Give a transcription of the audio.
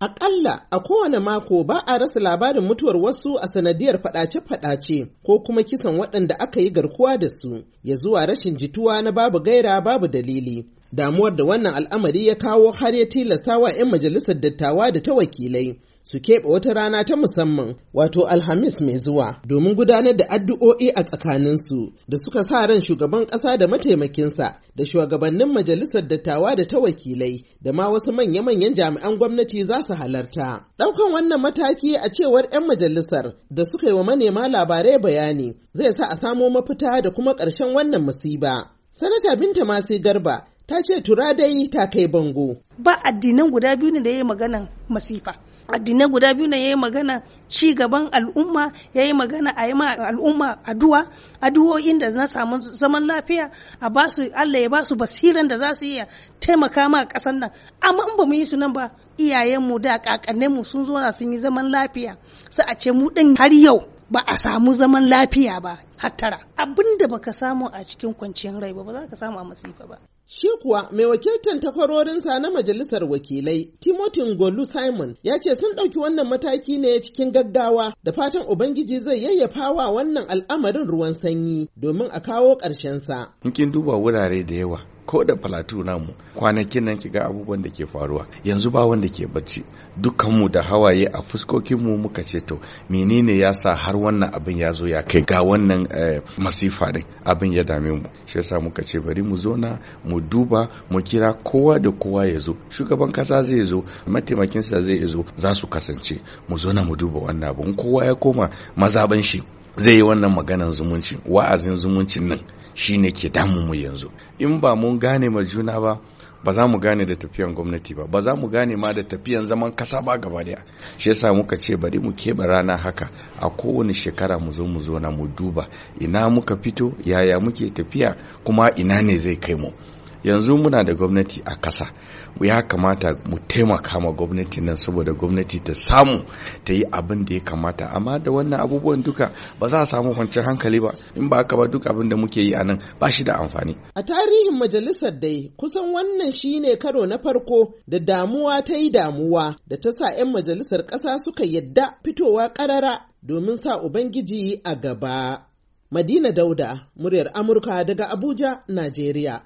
Aƙalla a kowane mako ba a rasa labarin mutuwar wasu a sanadiyar faɗace-faɗace ko kuma kisan waɗanda aka yi garkuwa da su ya zuwa rashin jituwa na babu gaira babu dalili damuwar da wannan al'amari ya kawo har ya tilasta wa 'yan majalisar dattawa da ta wakilai su keɓe wata rana ta musamman wato alhamis mai zuwa domin gudanar da addu'o'i a tsakaninsu da suka sa ran shugaban ƙasa da mataimakinsa da shugabannin majalisar dattawa da ta wakilai da ma wasu manya-manyan jami'an gwamnati za su halarta. Ɗaukan wannan mataki a cewar 'yan majalisar da suka yi wa manema labarai bayani zai sa a samo mafita da kuma ƙarshen wannan musiba. Sanata Binta Masi Garba ta ce tura dai ta kai bango ba addinan guda biyu ne da ya yi magana masifa addinan guda biyu ne ya yi magana ci gaban al'umma yayi magana a yi ma al'umma addu'a addu'o'in da na samu zaman lafiya a ba Allah ya basu basiran da za su iya taimaka ma kasan nan amma in ba mu yi su nan ba iyayenmu da kakanninmu sun zo na sun yi zaman lafiya sai a ce mu din har yau ba a samu zaman lafiya ba hattara abinda baka samu a cikin kwanciyar rai ba ba za ka samu a masifa ba Shi kuwa mai wakiltar takwarorinsa na majalisar wakilai Timothy Ngolu Simon ya ce sun ɗauki wannan mataki ne cikin gaggawa da fatan Ubangiji zai yayyafa wa wannan al'amarin ruwan sanyi domin a kawo ƙarshensa. In kin duba wurare da yawa ko da falatu namu kwanakin nan kiga abubuwan da ke faruwa yanzu ba wanda ke bacci dukkanmu da hawaye a fuskokinmu muka ce to menene ya sa har wannan abin ya zo ya kai ga wannan eh, masifa din abin ya dame mu shi yasa muka ce bari mu zo na mu duba mu kira kowa da kowa ya zo shugaban kasa zai zo mataimakinsa zai zo za su kasance mu zo na mu duba wannan abin kowa ya koma mazaban shi zai yi wannan maganan zumunci wa'azin zumuncin nan shine ke damu mu yanzu in ba mun gane ma juna ba ba za mu gane da tafiyan gwamnati ba ba za mu gane ma da tafiyan zaman kasa ba gaba daya shi yasa muka ce bari mu keɓe rana haka a kowane shekara mu zo mu zo na mu duba ina muka fito yaya muke tafiya kuma ina ne zai kai mu yanzu muna da gwamnati a kasa ya kamata mu taimaka ma gwamnati nan saboda gwamnati ta samu ta yi abin da ya kamata amma da wannan abubuwan duka ba za a samu kwanciyar hankali ba in ba haka ba duk abin da muke yi a nan ba shi da amfani a tarihin majalisar dai kusan wannan shine karo na farko da damuwa ta yi damuwa da ta sa 'yan majalisar ƙasa suka yadda fitowa ƙarara domin sa ubangiji a gaba Madina Dauda, muryar Amurka daga Abuja, Najeriya.